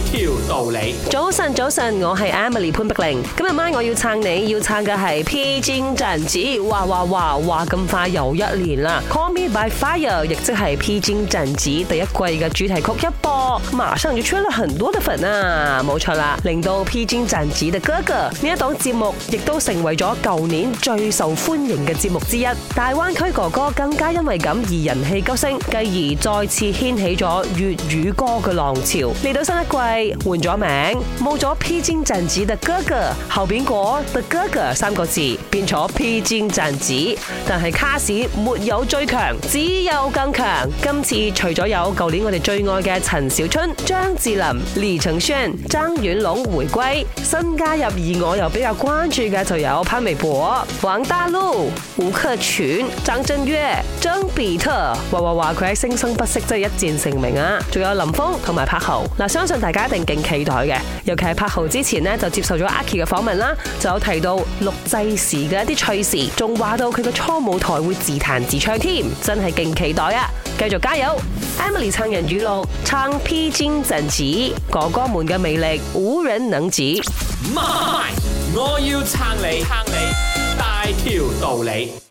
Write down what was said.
條道理。早晨，早晨，我係 Emily 潘碧玲。今日晚我要撐你，要撐嘅係《披荊斬棘》。哇哇哇哇，咁快又一年啦！Call Me By Fire 亦即係《披荊斬棘》第一季嘅主題曲一播，馬上就出了很多的粉啊！冇錯啦，令到《披荊斬棘》的哥哥呢一檔節目亦都成為咗舊年最受歡迎嘅節目之一。大灣區哥哥更加因為咁而人氣急升，繼而再次掀起咗粵語歌嘅浪潮。嚟到新一季。換咗名，冇咗披荊斬棘的哥哥，後邊個的哥哥三個字變咗披荊斬棘，但係卡士沒有最強，只有更強。今次除咗有舊年我哋最愛嘅陳小春、張智霖、李程軒、曾遠朗回歸，新加入而我又比較關注嘅就有潘瑋柏、王大陸、吳克群、張震岳、曾比特。哇哇哇佢喺《聲生不息》真係一戰成名啊！仲有林峰同埋柏豪，嗱，相信大家大家一定勁期待嘅，尤其係拍號之前呢，就接受咗 Aki 嘅訪問啦，就有提到錄製時嘅一啲趣事，仲話到佢嘅初舞台會自彈自唱添，真係勁期待啊！繼續加油，Emily 撐人語錄，撐披荊斬棘哥哥們嘅魅力無人能及，MY，我要撐你，撐你大條道理。